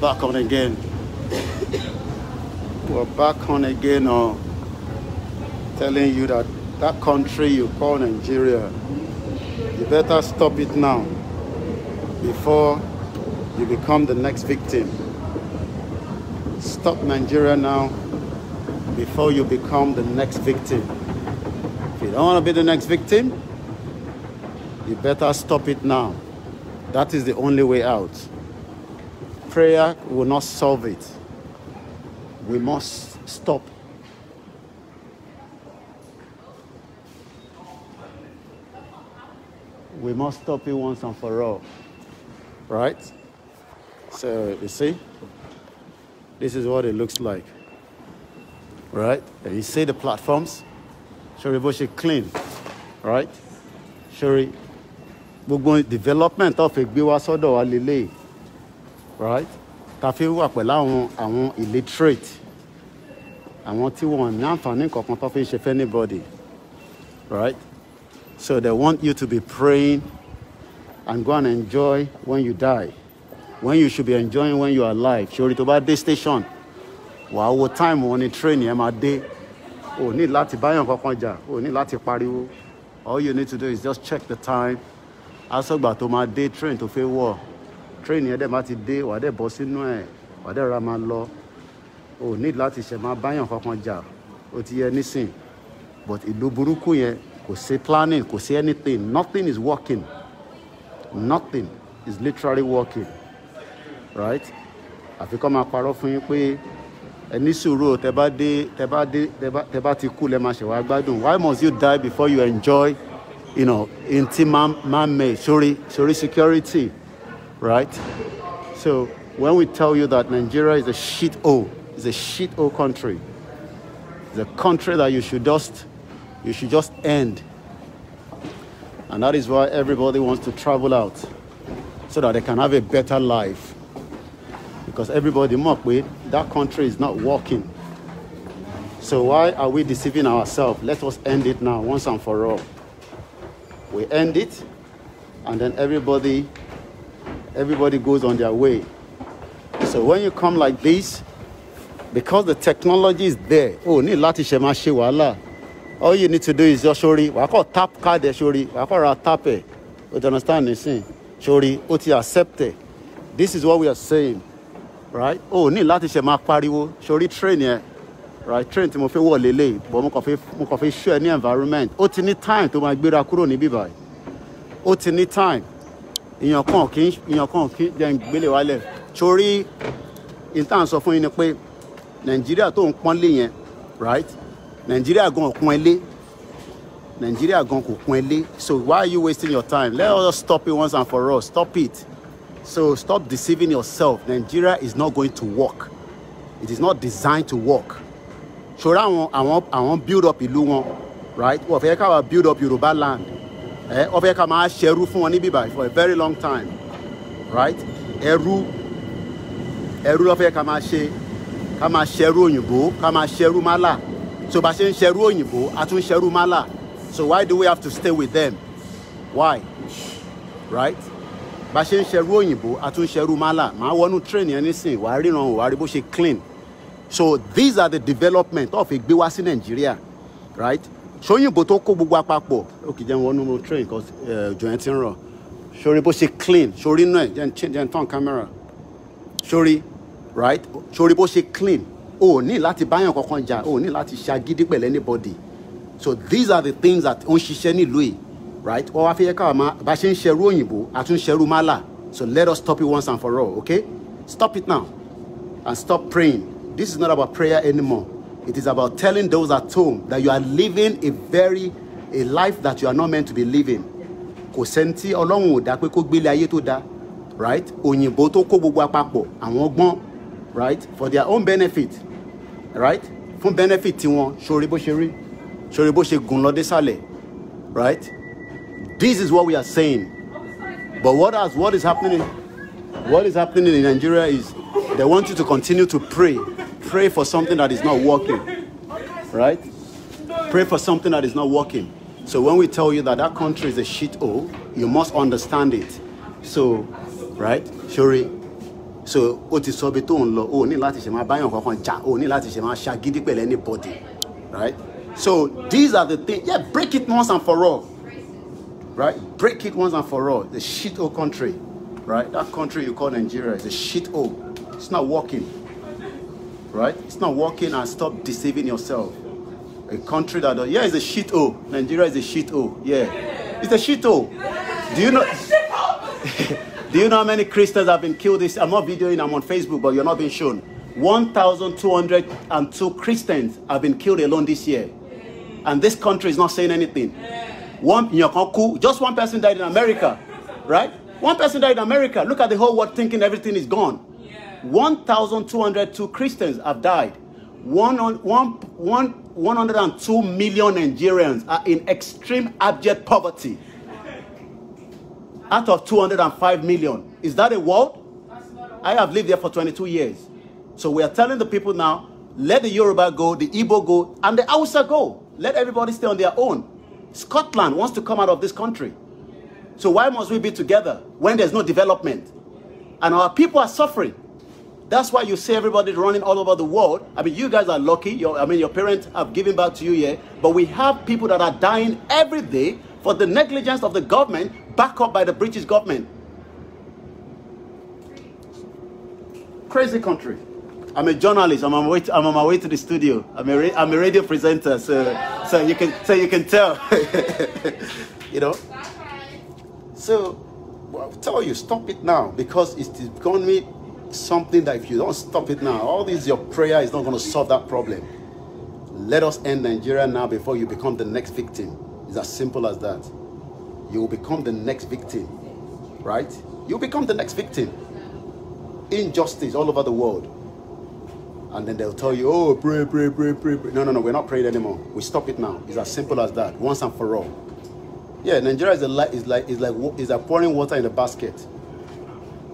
back on again. We're back on again now. Oh. Telling you that that country you call Nigeria, you better stop it now before you become the next victim. Stop Nigeria now before you become the next victim. If you don't want to be the next victim, you better stop it now. That is the only way out. Prayer will not solve it. We must stop. We must stop it once and for all. Right? So, you see, this is what it looks like. Right? And you see the platforms? Shoriboshi clean. Right? Shori, gbogbo development of a gbé wa sọ́dọ̀ right ta fi wà pẹ̀lú àwọn àwọn illiterate àwọn tí wọn ní àǹfààní kankan tó fi ń ṣe fẹ́ anybody right so they want you to be praying and go and enjoy when you die when you should be enjoying when you are alive ṣòrí tó bá dé station wàá wo time wọn ni train yẹn máa dé o ní láti báyọ̀ kankan jà o ní láti pariwo all you need to do is just check the time asọ̀gbà tó máa dé train tó fẹ́ wọ̀ train yẹn dẹ̀ má ti dé wà á dẹ̀ bọ́ sínú ẹ̀ wà á dẹ̀ ra máa lọ o ní láti ṣẹ̀ máa báyàn kankan jà o ti yẹ nísìn but ìlú burúkú yẹn kò sí planning kò sí anything nothing is working nothing is literally working right àfi kọ́ máa parọ́ fún yín pé ẹni sùúrù tẹ bá dé tẹ bá dé tẹ bá ti kú lẹ máa ṣe wá gbádùn why must you die before you enjoy you know, intimate man-made sorry sorry security. right? So when we tell you that Nigeria is a shit O, it's a shit O country, it's a country that you should just, you should just end. And that is why everybody wants to travel out so that they can have a better life. Because everybody mock with that country is not working. So why are we deceiving ourselves? Let us end it now, once and for all. We end it, and then everybody everybody goes on their way. So when you come like this, because the technology is there, oh, ni lati ṣe máa ṣe All you need to do is just shori. wàá call tap card shori. sori, call kọ́ ra tap ẹ̀. O understand this thing? Shori. ti accept ẹ̀. This is what we are saying, right? Oh, ni lati ṣe máa Shori train ye, right? Train to mo fe wo lele. but mo kàn mo kàn share ni environment. Oti ni time to máa gbéra kúrò ni bivai. Oti ni time èèyàn kan kì í èèyàn kan kì í jẹ́ ìgbélé wálẹ̀ torí ìtàn sọ fún yín ni pé nàìjíríà tó ń pọ́n lé yẹn right nàìjíríà gan ò pọ́n ilé nàìjíríà gan kò pọ́n ilé so why are you wasting your time let us stop it once and for all stop it so stop deceiving yourself nigeria is not going to work it is not designed to work ṣòro àwọn àwọn àwọn build up ìlú wọn right wọ́n fẹ́ káwa build up yorùbá land ẹ eh, ó fẹ́ ká máa ṣẹrú fún wọn ní bíbá for a very long time right ẹrú ẹrú ló fẹ́ ká máa ṣe ká máa ṣẹrú òyìnbó ká máa ṣẹrú mala. so bá ṣe ń ṣẹrú òyìnbó a tún ṣẹrú málà so why do we have to stay with them why right bá ṣe ń ṣẹrú òyìnbó a tún ṣẹrú málà màá wọnú train yẹn nísìn wàá ríran wàá rí bó ṣe clean so these are the development of ìgbé wá sí nàìjíríà right sóyìnbó tó kó gbogbo apapọ̀ ó kì í jẹun wọnú train kan eh, jọ yẹn ti ń rọ̀ sórí bó ṣe clean sórí náà jẹ́ jẹ́ turn camera sórí right sórí bó ṣe clean o ò ní láti báyàn kankan jà o ò ní láti ṣagídí pẹ̀lú anybody so these are the things that ó ń ṣiṣẹ́ nílùú yìí right wọ́n wá fi yẹ káwọn máa bá ṣe ń ṣerú òyìnbó àtúnṣerú málà so let us stop it once and for all okay stop it now and stop praying this is not about prayer anymore It is about telling those at home that you are living a very a life that you are not meant to be living. Kò sẹ́ntì ọlọ́run ò dá pé kó gbélé ayé tó dáa right? Òyìnbó tó kó gbogbo àpapọ̀ àwọn gbọ́n right? For their own benefit right? Fún benefit tiwọn ṣorí bó ṣe rí ṣorí bó ṣe gùn lọ désàlẹ̀ right? This is what we are saying. But what has what is happening what is happening in Nigeria is they want you to continue to pray pray for something that is not working, right? Pray for something that is not working. So when we tell you that that country is a shithole, you must understand it. So, right? Shuri, so o ti sọ bi tó ń o ní láti ṣe máa báyàn kankan jà o ní láti ṣe máa ṣagídí anybody right so these are the things yeah break it once and for all right break it once and for all the shit hole country right that country you call Nigeria is a shit hole it's not working right? It's not working and stop deceiving yourself. A country that, yeah, it's a shit hole. Nigeria is a shit hole. Yeah. It's a shit hole. Do you know? do you know how many Christians have been killed? This I'm not videoing. I'm on Facebook, but you're not being shown. 1,202 Christians have been killed alone this year, and this country is not saying anything. One in your just one person died in America, right? One person died in America. Look at the whole world thinking everything is gone. 1,202 Christians have died. one, 102 million Nigerians are in extreme abject poverty out of 205 million. Is that a world? I have lived there for 22 years. So we are telling the people now, let the Yoruba go, the Igbo go, and the Hausa go. Let everybody stay on their own. Scotland wants to come out of this country. So why must we be together when there's no development? And our people are suffering. That's why you see everybody running all over the world. I mean, you guys are lucky. Your, I mean, your parents have given back to you Yeah? But we have people that are dying every day for the negligence of the government, backed up by the British government. Crazy country. I'm a journalist. I'm on my way to, I'm on my way to the studio. I'm a, am a radio presenter, so, so, you can, so you can tell. you know? So, well, I tell you, stop it now because it's going to something that if you don't stop it now, all this your prayer is not going to solve that problem. Let us end Nigeria now before you become the next victim. It's as simple as that. You will become the next victim, right? You become the next victim. Injustice all over the world. And then they'll tell you, oh, pray, pray, pray, pray, pray. No, no, no, we're not praying anymore. We stop it now. It's as simple as that, once and for all. Yeah, Nigeria is, a is like, is like, is like pouring water in a basket.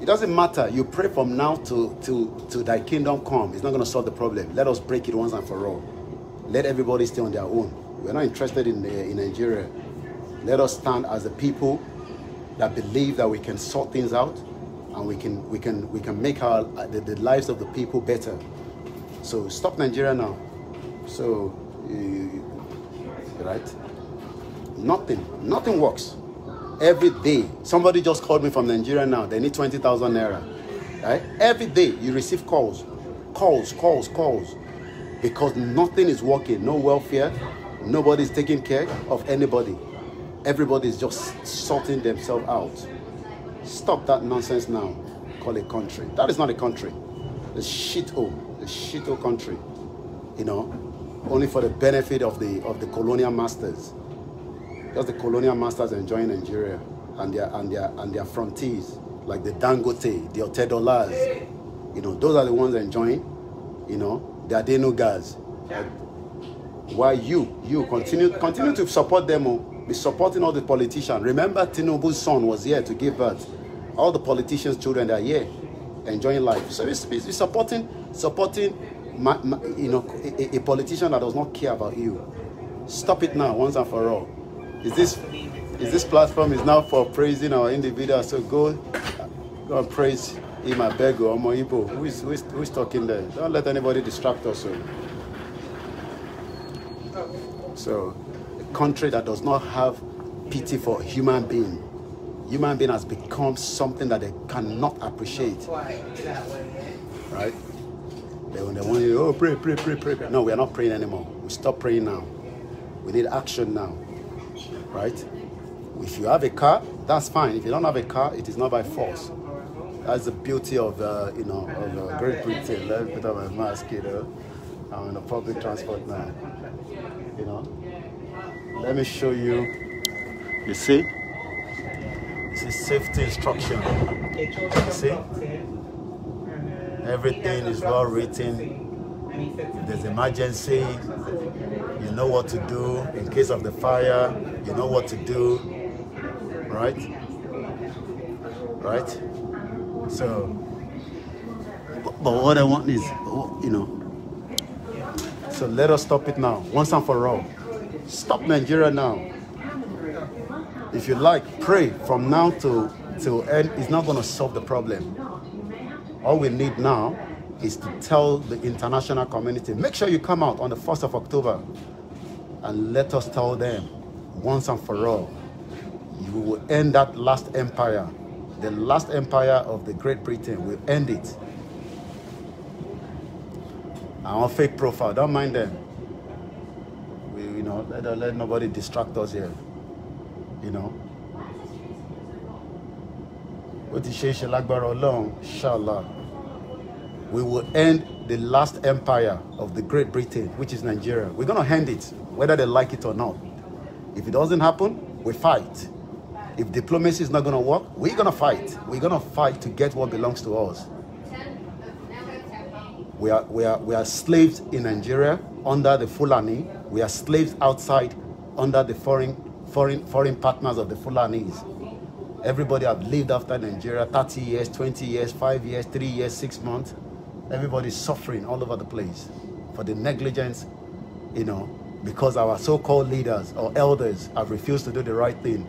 It doesn't matter. You pray from now to, to, to thy kingdom come. It's not going to solve the problem. Let us break it once and for all. Let everybody stay on their own. We're not interested in, eh, in Nigeria. Let us stand as a people that believe that we can sort things out and we can, we can, we can make our, the, the lives of the people better. So stop Nigeria now. So, you, eh, right? Nothing, nothing works every day. Somebody just called me from Nigeria now. They need 20,000 naira. Right? Every day you receive calls, calls, calls, calls. Because nothing is working. No welfare. Nobody's taking care of anybody. Everybody's just sorting themselves out. Stop that nonsense now. Call it country. That is not a country. The shithole. A The country. You know, only for the benefit of the of the colonial masters. That's the colonial masters enjoying Nigeria and their and their and their frontiers, like the Dangote, the Otedolas. You know, those are the ones enjoying. You know, the Adenogas. Yeah. Like, why you you continue continue to support them? Oh. Be supporting all the politicians. Remember, Tinubu's son was here to give birth. All the politicians' children are here, enjoying life. So it's, it's supporting supporting my, my, you know, a, a, politician that does not care about you. Stop it now, once and for all is this is this platform is now for praising our individuals. So go, go and praise Ima Bego, Omo Ibo. Who is, who, is, who is talking there? Don't let anybody distract us. Oh. So, a country that does not have pity for human being. Human being has become something that they cannot appreciate. Right? They, when they want you, oh, pray, pray, pray, pray. No, we are not praying anymore. We stop praying now. We need action now right? If you have a car, that's fine. If you don't have a car, it is not by force. That's the beauty of, uh, you know, of uh, Great Britain. Let me put on my mask, you know. I'm in a public transport now, you know. Let me show you. You see? This is safety instruction. You see? Everything is well written if there's emergency, you know what to do. In case of the fire, you know what to do. Right? Right? So, but, but what I want is, you know, so let us stop it now, once and for all. Stop Nigeria now. If you like, pray from now to till end. It's not going to solve the problem. All we need now is to tell the international community, make sure you come out on the 1st of October and let us tell them once and for all, you will end that last empire. The last empire of the Great Britain will end it. Our fake profile, don't mind them. We, you know, let, let nobody distract us here. You know. What is Sheikh Alagbara alone? Inshallah we will end the last empire of the Great Britain, which is Nigeria. We're going to end it, whether they like it or not. If it doesn't happen, we fight. If diplomacy is not going to work, we're going to fight. We're going to fight to get what belongs to us. We are, we, are, we are slaves in Nigeria under the Fulani. We are slaves outside under the foreign, foreign, foreign partners of the Fulanis. Everybody have lived after Nigeria 30 years, 20 years, 5 years, 3 years, 6 months Everybody's suffering all over the place for the negligence, you know, because our so-called leaders or elders have refused to do the right thing.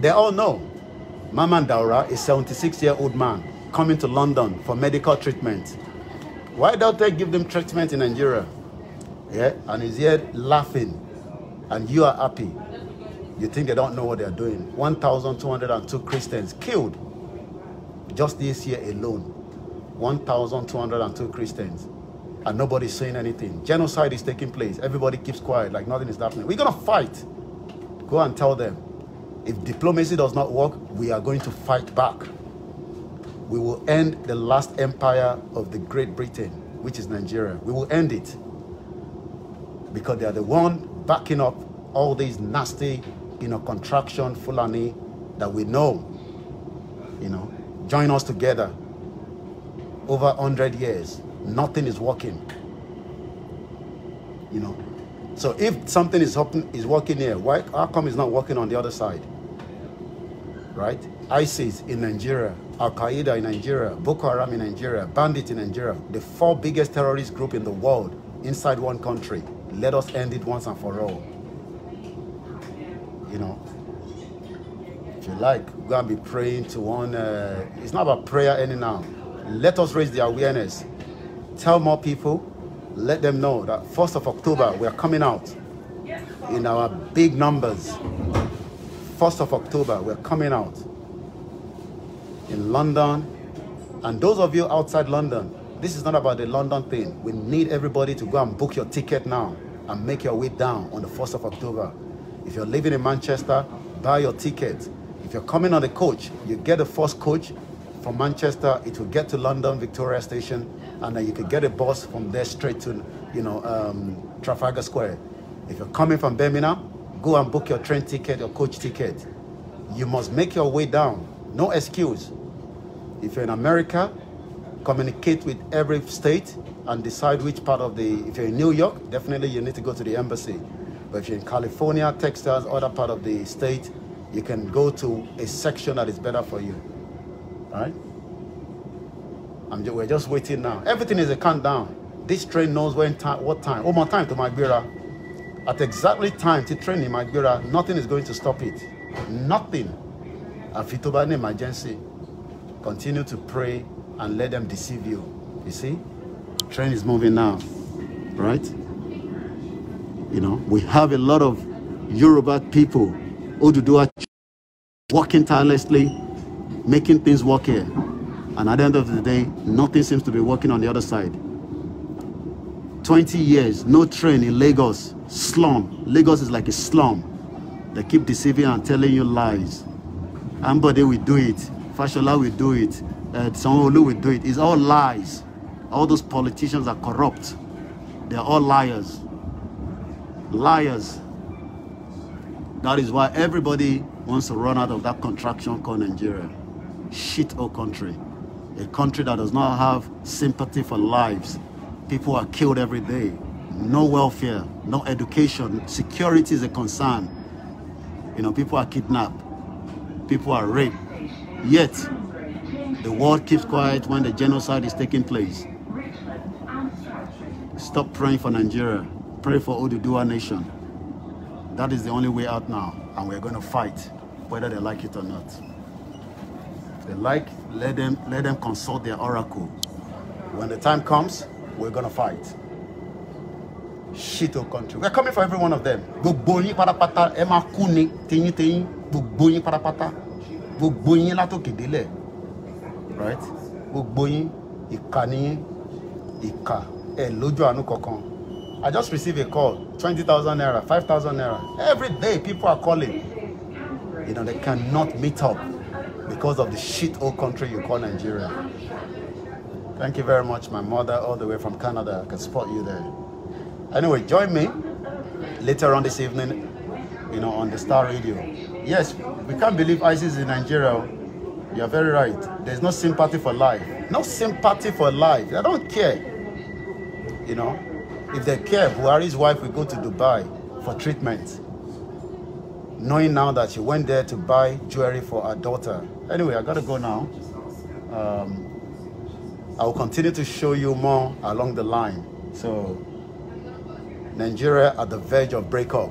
They all know Maman Daura is 76-year-old man coming to London for medical treatment. Why don't they give them treatment in Nigeria? Yeah, and he's here laughing, and you are happy. You think they don't know what they're doing. 1,202 Christians killed just this year alone 1,202 Christians. And nobody's saying anything. Genocide is taking place. Everybody keeps quiet like nothing is happening. We're going to fight. Go and tell them. If diplomacy does not work, we are going to fight back. We will end the last empire of the Great Britain, which is Nigeria. We will end it. Because they are the one backing up all these nasty, you know, contraction Fulani that we know, you know, join us together over 100 years, nothing is working. You know, so if something is happening, is working here, why how come it's not working on the other side? Right? ISIS in Nigeria, Al Qaeda in Nigeria, Boko Haram in Nigeria, Bandit in Nigeria, the four biggest terrorist group in the world inside one country. Let us end it once and for all. You know, if you like, go and be praying to one. Uh, it's not about prayer any now. Let us raise the awareness. Tell more people. Let them know that 1st of October, we are coming out in our big numbers. 1st of October, we're coming out in London. And those of you outside London, this is not about the London thing. We need everybody to go and book your ticket now and make your way down on the 1st of October. If you're living in Manchester, buy your ticket. If you're coming on the coach, you get the first coach, from Manchester, it will get to London Victoria Station, and then you could get a bus from there straight to, you know, um, Trafalgar Square. If you're coming from Birmingham, go and book your train ticket or coach ticket. You must make your way down. No excuse. If you're in America, communicate with every state and decide which part of the, if you're in New York, definitely you need to go to the embassy. But if you're in California, Texas, other part of the state, you can go to a section that is better for you. Right? I'm just, we're just waiting now. Everything is a countdown. This train knows when time, what time. Oh, my time to Magbira. At exactly time to train in Magbira, nothing is going to stop it. Nothing. Afitoba emergency. Continue to pray and let them deceive you. You see? Train is moving now. Right? You know, we have a lot of Yoruba people, Oduduwa, working tirelessly making things work here. And at the end of the day, nothing seems to be working on the other side. 20 years, no train in Lagos, slum. Lagos is like a slum. They keep deceiving and telling you lies. Ambode will do it. Fashola will do it. Uh, sanwo will do it. It's all lies. All those politicians are corrupt. They're all liars. Liars. That is why everybody wants to run out of that contraction called Nigeria shit hole country. A country that does not have sympathy for lives. People are killed every day. No welfare, no education. Security is a concern. You know, people are kidnapped. People are raped. Yet, the world keeps quiet when the genocide is taking place. Stop praying for Nigeria. Pray for Odudua nation. That is the only way out now, and we're going to fight, whether they like it or not. they like, let them, let them consult their oracle. When the time comes, we're going to fight. Shito country. We're coming for every one of them. Gbogbo yín pátápátá ẹ máa kú ni tẹ̀yìn tẹ̀yìn gbogbo yín pátápátá gbogbo yín látòkè right gbogbo yín ìkà ni yín ìkà ẹ lójú I just received a call twenty thousand naira five thousand naira every day people are calling you know they cannot meet up. because of the shit old country you call Nigeria. Thank you very much, my mother, all the way from Canada. I can support you there. Anyway, join me later on this evening, you know, on the Star Radio. Yes, we can't believe ISIS in Nigeria. You're very right. There's no sympathy for life. No sympathy for life. They don't care. You know, if they care, Buhari's wife will go to Dubai for treatment knowing now that she went there to buy jewelry for her daughter. Anyway, I gotta go now. Um, I will continue to show you more along the line. So, Nigeria at the verge of breakup.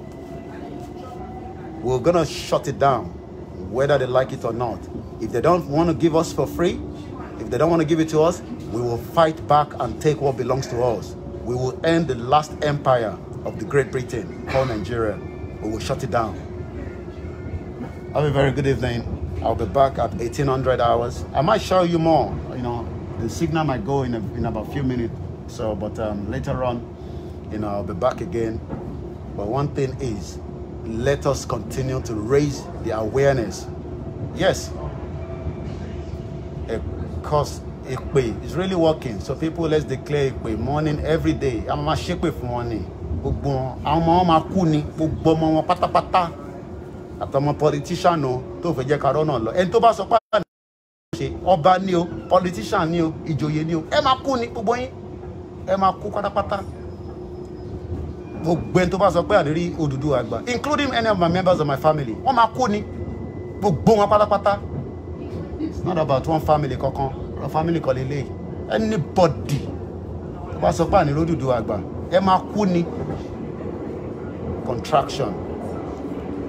We're gonna shut it down, whether they like it or not. If they don't want to give us for free, if they don't want to give it to us, we will fight back and take what belongs to us. We will end the last empire of the Great Britain called Nigeria. We will shut it down. Have a very good evening. I'll be back at 1800 hours. I might show you more. You know, the signal might go in, a, in about a few minutes. So, but um, later on, you know, I'll be back again. But one thing is, let us continue to raise the awareness. Yes, because Ìpè is really working. So people, let's declare Ìpè morning every day. I'm a shake ṣépè fún wọn ni. Gbogbo wọn, àwọn àtọmọ politician o tó fẹ́ jẹ́ karọ́ náà lọ ẹni tó bá sọ pàdánù ṣe ọba ni o politician ni o ìjòyè ni o ẹ máa kú ni gbogbo yín ẹ máa kú pátápátá gbogbo ẹni tó bá sọ pé àlérí Odùduwà àgbà including any of my members of my family wọ́n máa kú ni gbogbo wọn pátápátá not about one family kankan or family kan lele. anybody tó bá sọ pé àlérí Odùduwà àgbà ẹ máa kú ni contraction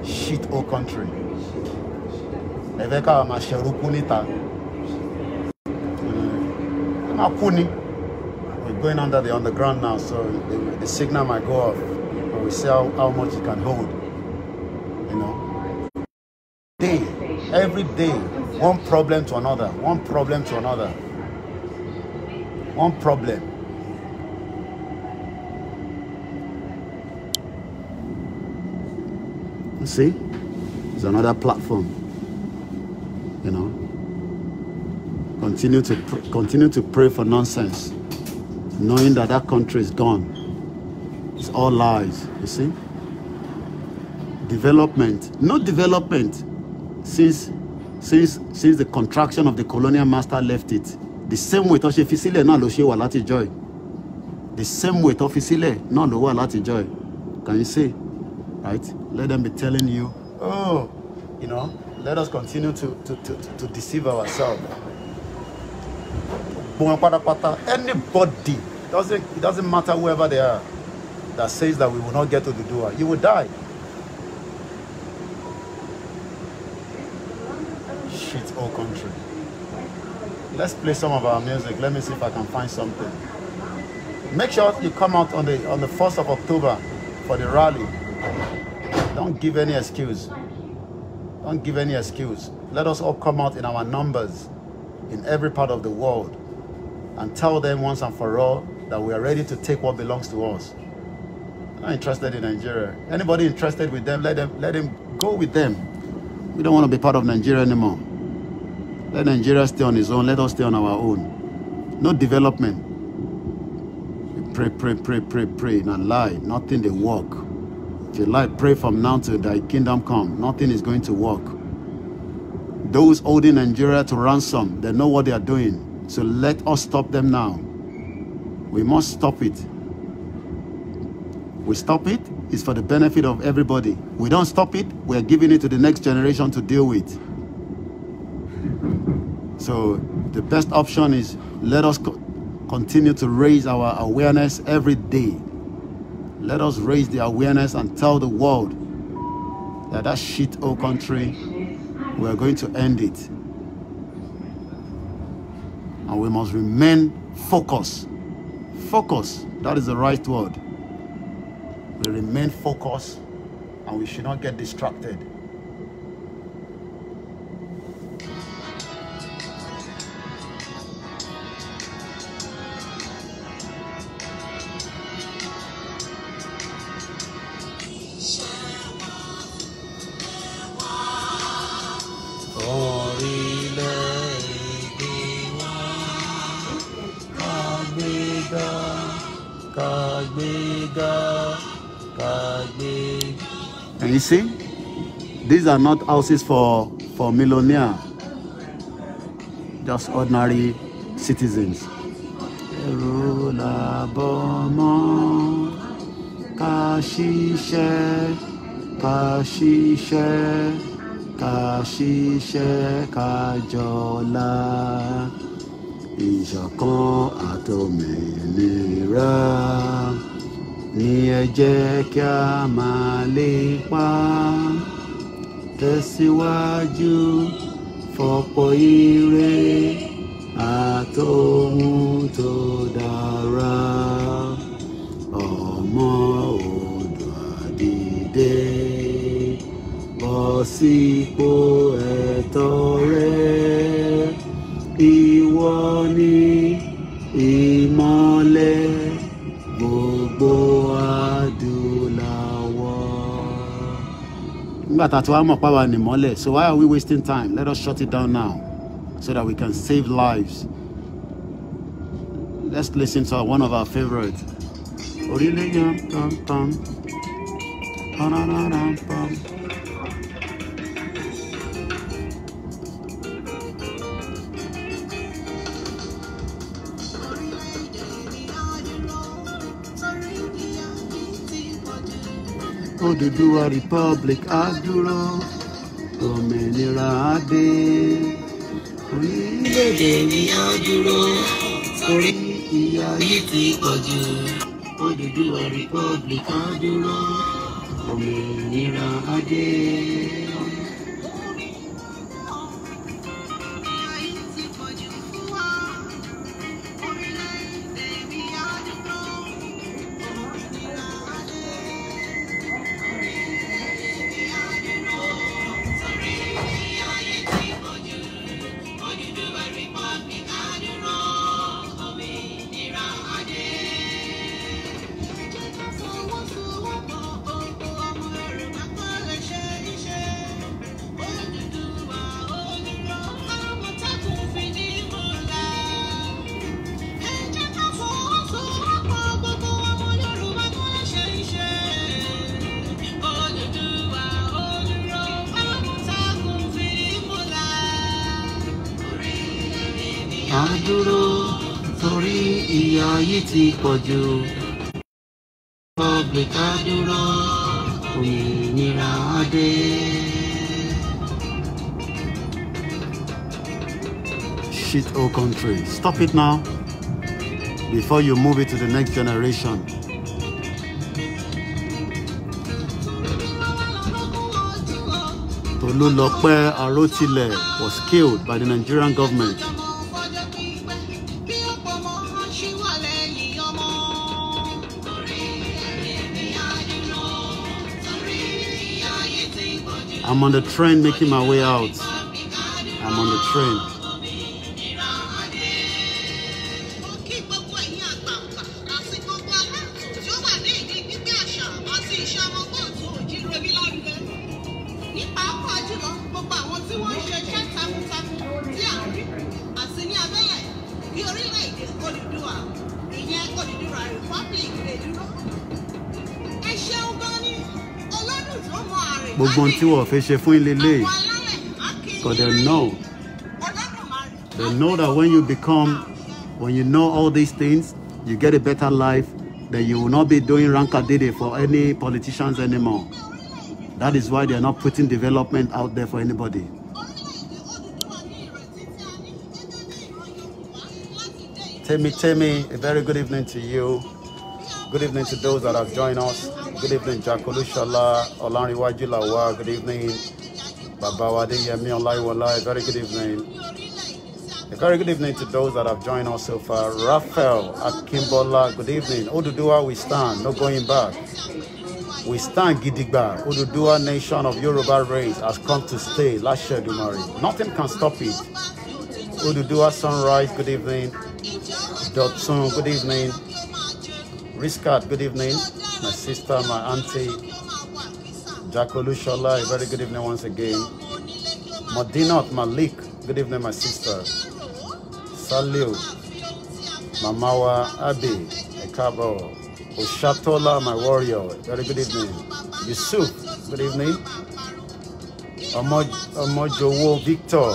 shit hole oh, country ẹ fẹ́ káwa máa ṣẹ̀rú kú níta ẹ going under the underground now so the, the signal might go off But we see how, how much it can hold you know day every day one problem to another one problem to another one problem You see? It's another platform. You know. Continue to continue to pray for nonsense, knowing that that country is gone. It's all lies. You see? Development, no development since since since the contraction of the colonial master left it. The same way tó ṣe fi sílẹ̀ náà ló joy. The same way tó fi sílẹ̀ náà ló wà joy. Can you see? right? Let them be telling you, oh, you know, let us continue to, to, to, to deceive ourselves. Anybody, it doesn't, it doesn't matter whoever they are, that says that we will not get to the door, you will die. Shit, all country. Let's play some of our music. Let me see if I can find something. Make sure you come out on the on the 1st of October for the rally. Don't give any excuse. Don't give any excuse. Let us all come out in our numbers in every part of the world and tell them once and for all that we are ready to take what belongs to us. I'm not interested in Nigeria. Anybody interested with them, let them let them go with them. We don't want to be part of Nigeria anymore. Let Nigeria stay on its own. Let us stay on our own. No development. We pray, pray, pray, pray, pray, Not lie. Nothing they work. Till pray from now till thy kingdom come, nothing is going to work. Those holding Nigeria to ransom, they know what they are doing. So let us stop them now. We must stop it. We stop it, it's for the benefit of everybody. We don't stop it, we're giving it to the next generation to deal with. So the best option is let us co continue to raise our awareness every day let us raise the awareness and tell the world that that shit hole country, we are going to end it. And we must remain focused. Focus, that is the right word. We remain focused and we should not get distracted. are not houses for, for millionaire, just ordinary citizens. Ìṣọ̀kan àtòmìnira ni ẹ jẹ́ kí a máa lépa tẹ̀síwájú fọ̀pọ̀ ire àtòhun tó dára ọmọ odò àdìdẹ bọ́ sípò ẹ̀tọ́ rẹ̀. nígbà tá a ti wá so why are we wasting time let us shut it down now so that we can save lives let's listen to one of our favourites. Odùduwà republic á dúró òmìnira á dé orílẹ̀-èdè mi a dúró orí ìyà yìí ti pọ̀ jù Odùduwà republic á dúró òmìnira á dé. Shit O oh, country. Stop it now before you move it to the next generation. Tolulokpe Arotilẹ̀ was killed by the Nigerian government I'm on the train making my way out. I'm on the train. gbogbo tí wọ́n fẹ́ ṣe fún ilé lè but they know they know that when you become when you know all these things you get a better life then you will not be doing rankadede for any politicians anymore that is why they are not putting development out there for anybody. Temi Temi, a very good evening to you. Good evening to those that have joined us. Good evening, Jakolu Shala, Olanriwaju Lawa. Good evening, Babawade Yemi Olaiwala. Very good evening. A very good evening to those that have joined us so far. Raphael Akimbola, good evening. Ududua, we stand, no going back. We stand Gidigba. Ududua nation of Yoruba race has come to stay. Lashe Dumari. Nothing can stop it. Ududua sunrise, good evening. Dotsun, good evening. Riskat, good evening my sister, my auntie, Jakolu Shola, a very good evening once again. Madinat Malik, good evening, my sister. Salu, Mamawa Abi, Ekabo, Oshatola, my warrior, very good evening. Yusuf, good evening. Omojowo Victor,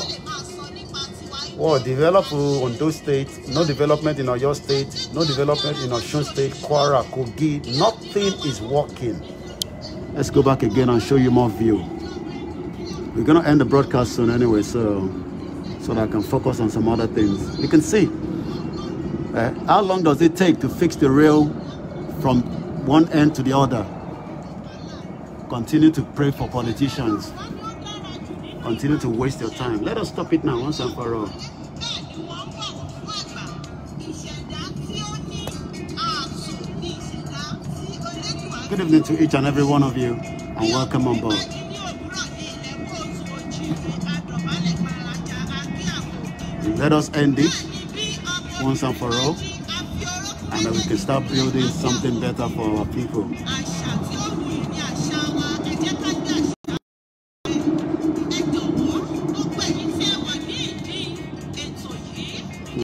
well, develop uh, Ondo State, no development in Oyo State, no development in Osun State, Kwara, Kogi, nothing is working. Let's go back again and show you more view. We're going to end the broadcast soon anyway, so, so that I can focus on some other things. You can see, uh, how long does it take to fix the rail from one end to the other? Continue to pray for politicians continue to waste your time. Let us stop it now once and for all. Good evening to each and every one of you and welcome on board. Let us end this once and for all and we can start building something better for our people.